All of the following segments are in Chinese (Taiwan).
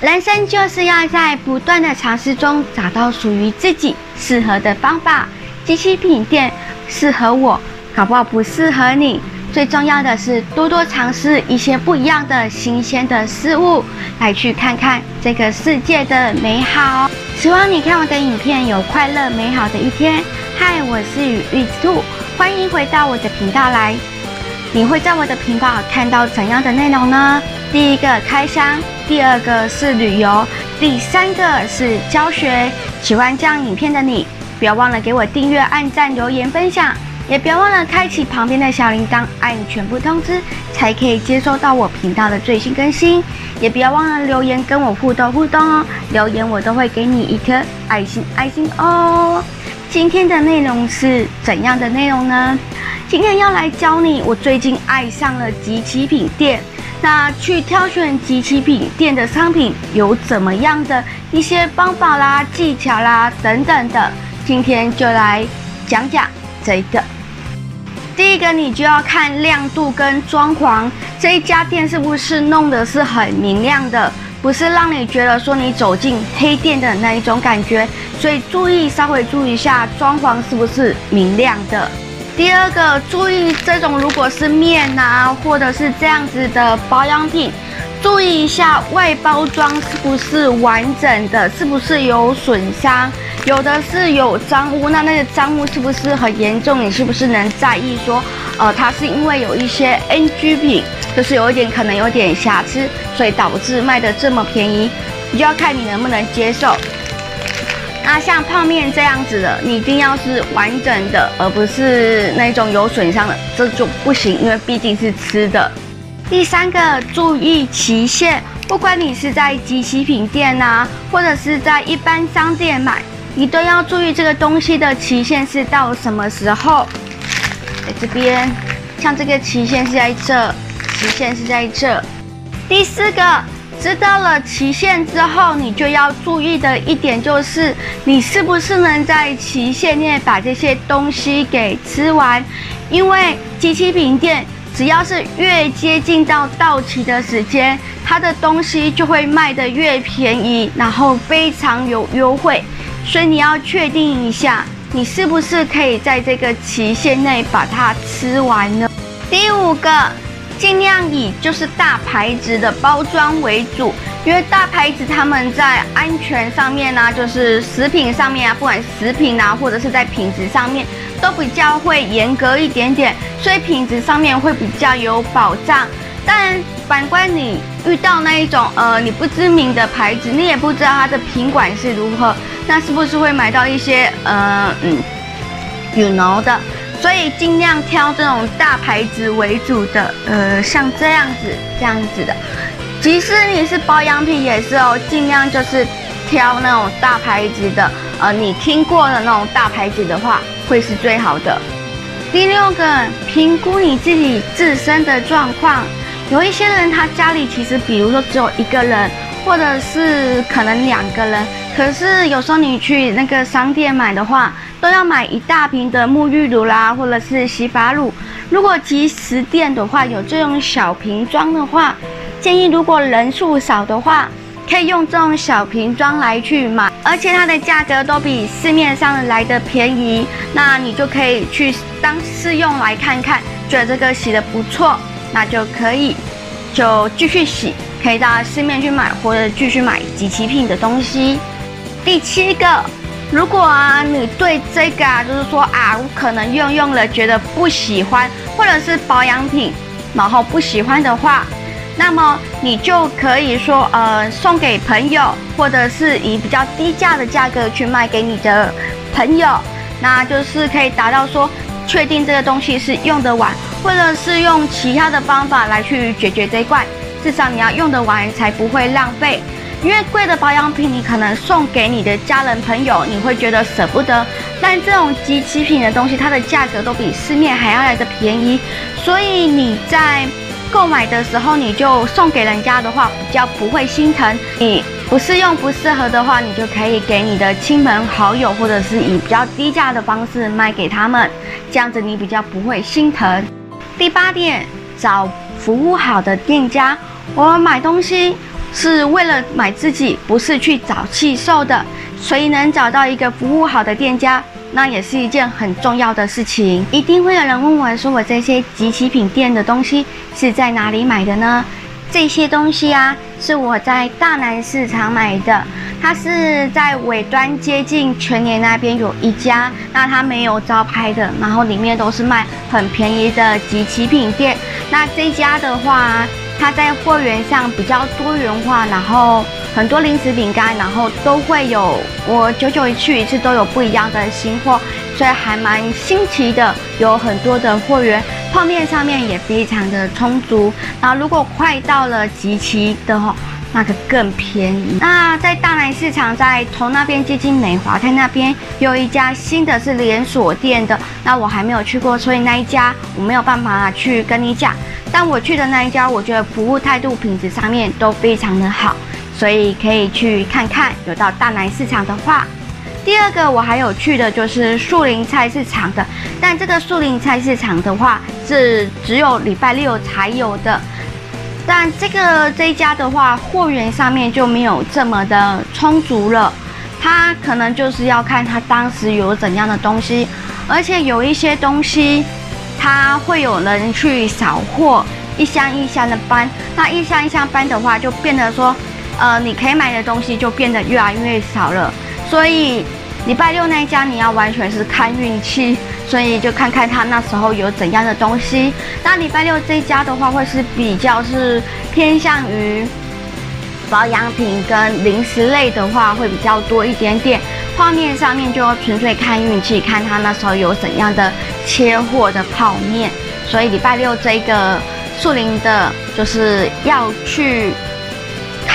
人生就是要在不斷的嘗試中找到屬於自己適合的方法。即期品店適合我，搞不好不適合你。最重要的，是多多嘗試一些不一樣的、新鮮的事物，來去看看這個世界的美好、哦。希望你看我的影片，有快樂美好的一天。嗨，我是羽翼之兔，歡迎回到我的頻道來。你會在我的頻道看到怎樣的內容呢？第一個開箱，第二個是旅遊，第三個是教學。喜歡這樣影片的你，不要忘了給我訂閱、按讚、留言、分享，也不要忘了開啟旁邊的小鈴鐺，按全部通知，才可以接收到我頻道的最新更新。也不要忘了留言跟我互動互動哦，留言我都會給你一顆愛心愛心哦。今天的內容是怎樣的內容呢？今天要來教你，我最近愛上了即期品店。那去挑選即期品店的商品有怎麼樣的一些方法啦、技巧啦等等的，今天就來講講這一個。第一個，你就要看亮度跟裝潢，這一家店是不是弄的是很明亮的，不是讓你覺得說你走進黑店的那一種感覺，所以注意稍微注意一下裝潢是不是明亮的？第二個，注意這種如果是麵啊，或者是這樣子的保養品，注意一下外包裝是不是完整的，是不是有損傷，有的是有髒污，那那個髒污是不是很嚴重？你是不是能在意？說，呃，它是因為有一些 NG 品，就是有一點可能有點瑕疵，所以導致賣的這麼便宜，你就要看你能不能接受。那像泡麵這樣子的，你一定要是完整的，而不是那種有損傷的，這就不行，因為畢竟是吃的。第三個，注意期限，不管你是在即期品店吶、啊，或者是在一般商店買，你都要注意這個東西的期限是到什麼時候。在這邊，像這個期限是在這，期限是在這。第四個。知道了期限之後，你就要注意的一點就是，你是不是能在期限內把這些東西給吃完？因為即期品店只要是越接近到到期的時間，它的東西就會賣得越便宜，然後非常有優惠，所以你要確定一下，你是不是可以在這個期限內把它吃完呢？第五個。盡量以就是大牌子的包裝為主，因為大牌子他們在安全上面呢、啊，就是食品上面啊，不管食品啊，或者是在品質上面，都比較會嚴格一點點，所以品質上面會比較有保障。但反觀你遇到那一種呃，你不知名的牌子，你也不知道它的品管是如何，那是不是會買到一些呃嗯羽撓 you know 的？所以盡量挑這種大牌子為主的，呃，像這樣子、這樣子的，即使你是保養品也是哦，盡量就是挑那種大牌子的，呃，你聽過的那種大牌子的話會是最好的。第六個，評估你自己自身的狀況，有一些人他家裡其實，比如說只有一個人，或者是可能兩個人，可是有時候你去那個商店買的話，都要買一大瓶的沐浴乳啦，或者是洗髮露。如果即期店的話有這種小瓶裝的話，建議如果人數少的話，可以用這種小瓶裝來去買，而且它的價格都比市面上來的便宜。那你就可以去當試用來看看，覺得這個洗得不錯，那就可以就繼續洗，可以到市面去買，或者繼續買即期品的東西。第七個。如果啊，你對這個啊，就是說啊，我可能用用了覺得不喜歡，或者是保養品，然後不喜歡的話，那麼你就可以說，呃，送給朋友，或者是以比較低價的價格去賣給你的朋友，那就是可以達到說，確定這個東西是用得完，或者是用其他的方法來去解決這一塊，至少你要用得完，才不會浪費。因為貴的保養品，你可能送給你的家人朋友，你會覺得捨不得。但這種即期品的東西，它的價格都比市面還要來得便宜，所以你在購買的時候，你就送給人家的話，比較不會心疼。你不適用、不適合的話，你就可以給你的親朋好友，或者是以比較低價的方式賣給他們，這樣子你比較不會心疼。第八點，找服務好的店家，我們買東西。是為了買自己，不是去找氣受的，所以能找到一個服務好的店家，那也是一件很重要的事情。一定會有人問我說：“我這些即期品店的東西是在哪裡買的呢？”這些東西啊，是我在大南市場買的，它是在尾端接近全年那邊有一家，那它沒有招牌的，然後裡面都是賣很便宜的即期品店。那這家的話、啊。它在貨源上比較多元化，然後很多零食餅乾，然後都會有我久久一去一次都有不一樣的新貨，所以還蠻新奇的，有很多的貨源，泡麵上面也非常的充足。然後如果快到了即期的話。那個更便宜。那在大南市場，在同那邊接近美華泰那邊，有一家新的是連鎖店的。那我還沒有去過，所以那一家我沒有辦法去跟你講。但我去的那一家，我覺得服務態度、品質上面都非常的好，所以可以去看看。有到大南市場的話，第二個我還有去的就是樹林菜市場的。但這個樹林菜市場的話，是只有禮拜六才有的。但這個這一家的話，貨源上面就沒有這麼的充足了，它可能就是要看它當時有怎樣的東西，而且有一些東西，它會有人去掃貨，一箱一箱的搬，那一箱一箱搬的話，就變得說，呃，你可以買的東西就變得越來越少了，所以禮拜六那一家你要完全是看運氣。所以就看看他那時候有怎樣的東西。那禮拜六這一家的話，會是比較是偏向於保養品跟零食類的話，會比較多一點點。畫面上面就要純粹看運氣，看他那時候有怎樣的切貨的泡麵。所以禮拜六這個樹林的，就是要去。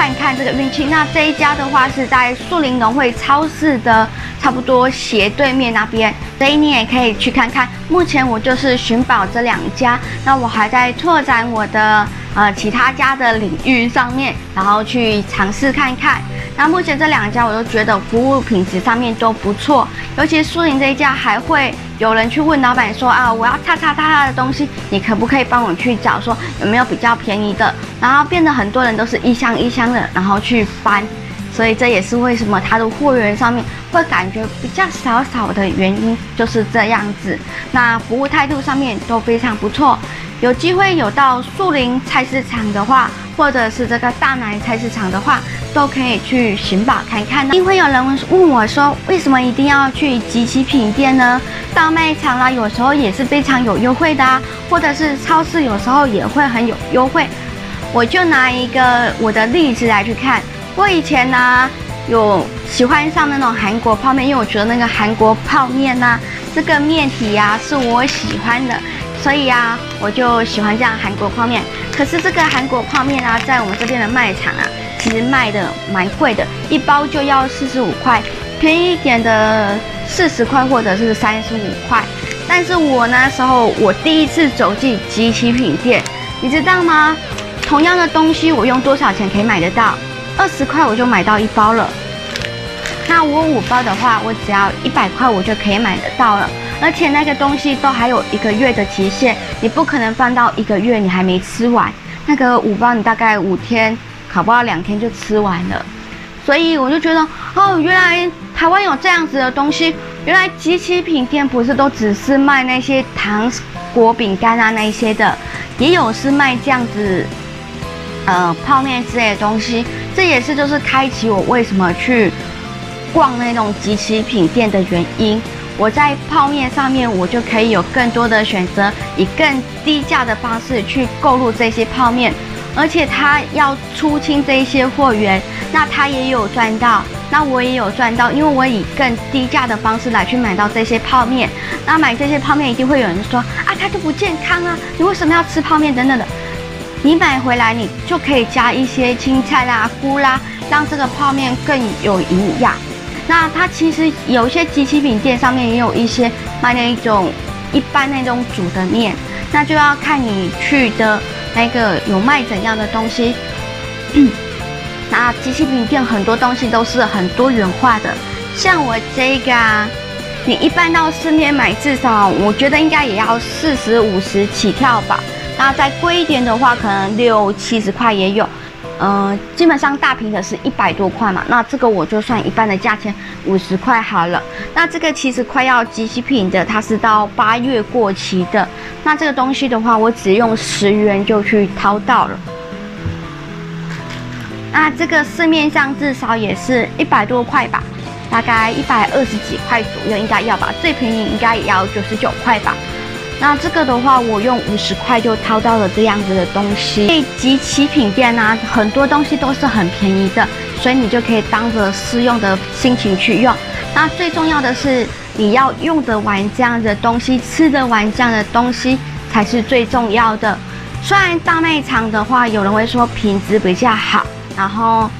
看看這個運氣。那這一家的話是在樹林農會超市的差不多斜對面那邊，所以你也可以去看看。目前我就是尋寶這兩家，那我還在拓展我的呃其他家的領域上面，然後去嘗試看看。那目前這兩家我都覺得服務品質上面都不錯，尤其樹林這一家還會。有人去問老闆說啊，我要叉叉叉叉的東西，你可不可以幫我去找，說有沒有比較便宜的？然後變得很多人都是一箱一箱的，然後去搬。所以這也是為什麼他的貨源上面會感覺比較少少的原因，就是這樣子。那服務態度上面都非常不錯，有機會有到樹林菜市場的話。或者是這個大南菜市場的話，都可以去尋寶看看、啊。一定會有人問我說：“為什麼一定要去即期品店呢？”大賣場啦、啊，有時候也是非常有優惠的、啊，或者是超市，有時候也會很有優惠。我就拿一個我的例子來去看。我以前呢、啊，有喜歡上那種韓國泡麵，因為我覺得那個韓國泡麵呢、啊，這、那個麵體呀、啊，是我喜歡的。所以呀、啊，我就喜歡這樣韓國泡麵。可是這個韓國泡麵啊，在我們這邊的賣場啊，其實賣的蠻貴的，一包就要四十五塊，便宜一點的四十塊或者是三十五塊。但是我那時候我第一次走進即期品店，你知道嗎？同樣的東西，我用多少錢可以買得到？二十塊我就買到一包了。那我五包的話，我只要一百塊，我就可以買得到了。而且那個東西都還有一個月的期限，你不可能放到一個月你還沒吃完。那個五包你大概五天，考不到兩天就吃完了。所以我就覺得，哦，原來台灣有這樣子的東西。原來即期品店不是都只是賣那些糖果、餅乾啊那一些的，也有是賣這樣子，呃，泡麵之類的東西。這也是就是開啟我為什麼去逛那種即期品店的原因。我在泡麵上面，我就可以有更多的選擇，以更低價的方式去購入這些泡麵，而且他要出清這一些貨源，那他也有賺到，那我也有賺到，因為我以更低價的方式來去買到這些泡麵，那買這些泡麵一定會有人說啊，它就不健康啊，你為什麼要吃泡麵等等的，你買回來你就可以加一些青菜啦、啊、菇啦、啊，讓這個泡麵更有營養。那它其實有些即期品店上面也有一些賣那一種一般那種煮的麵，那就要看你去的那個有賣怎樣的東西。那即期品店很多東西都是很多元化的，像我這個啊，你一般到市面買，至少我覺得應該也要四十五十起跳吧。那再貴一點的話，可能六七十塊也有。呃，基本上大瓶的是一百多塊嘛，那這個我就算一半的價錢，五十塊好了。那這個其實快要即期品的，它是到八月過期的。那這個東西的話，我只用十元就去掏到了。那這個市面上至少也是一百多塊吧，大概一百二十幾塊左右應該要吧，最便宜應該也要九十九塊吧。那這個的話，我用五十塊就淘到了這樣子的東西。這即期品店啊，很多東西都是很便宜的，所以你就可以當着試用的心情去用。那最重要的是，你要用得完這樣的東西，吃得完這樣的東西才是最重要的。雖然大賣場的話，有人會說品質比較好，然後。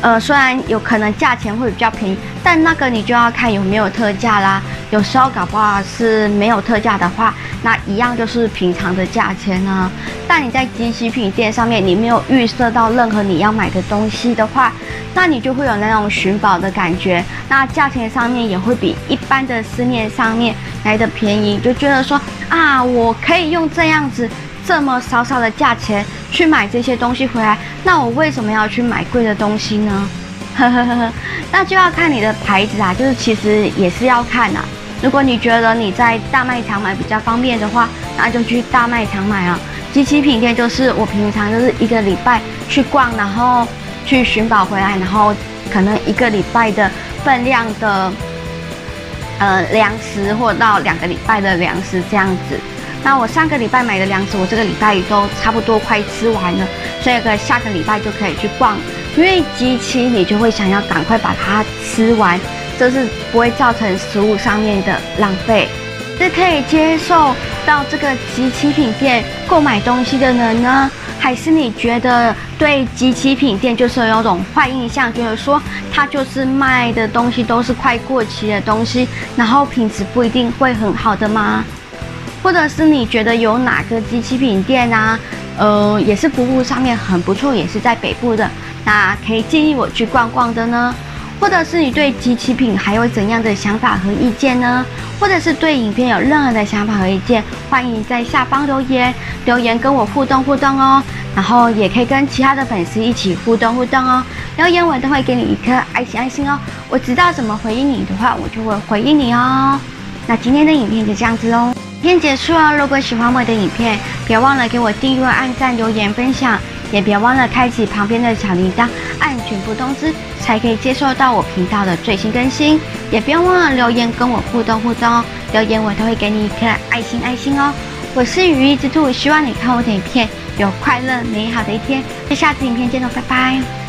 呃，雖然有可能價錢會比較便宜，但那個你就要看有沒有特價啦。有時候搞不好是沒有特價的話，那一樣就是平常的價錢呢、啊。但你在即期品店上面，你沒有預設到任何你要買的東西的話，那你就會有那種尋寶的感覺。那價錢上面也會比一般的市面上面來的便宜，就覺得說啊，我可以用這樣子。這麼少少的價錢去買這些東西回來，那我為什麼要去買貴的東西呢？呵呵呵呵，那就要看你的牌子啊，就是其實也是要看啊。如果你覺得你在大賣場買比較方便的話，那就去大賣場買啊。即期品店就是我平常就是一個禮拜去逛，然後去尋寶回來，然後可能一個禮拜的分量的，呃，糧食或者到兩個禮拜的糧食這樣子。那我上個禮拜買的糧食，我這個禮拜也都差不多快吃完了，所以下個禮拜就可以去逛，因為即期你就會想要趕快把它吃完，這是不會造成食物上面的浪費。是可以接受到這個即期品店購買東西的人呢，還是你覺得對即期品店就是有種壞印象，覺得說它就是賣的東西都是快過期的東西，然後品質不一定會很好的嗎？或者是你覺得有哪個即期品店啊？呃，也是服務上面很不錯，也是在北部的，那可以建議我去逛逛的呢。或者是你對即期品還有怎樣的想法和意見呢？或者是對影片有任何的想法和意見，歡迎在下方留言，留言跟我互動互動哦。然後也可以跟其他的粉絲一起互動互動哦。留言我都會給你一顆愛心愛心哦。我知道怎麼回應你的話，我就會回應你哦。那今天的影片就這樣子嘍，哦。影片結束了，如果喜歡我的影片，別忘了給我訂閱、按讚、留言、分享，也別忘了開啟旁邊的小鈴鐺，按全部通知，才可以接收到我頻道的最新更新。也別忘了留言跟我互動互動哦，留言我都會給你一顆愛心愛心哦。我是羽翼之兔，希望你看我的影片有快樂美好的一天。那下次影片見嘍，拜拜。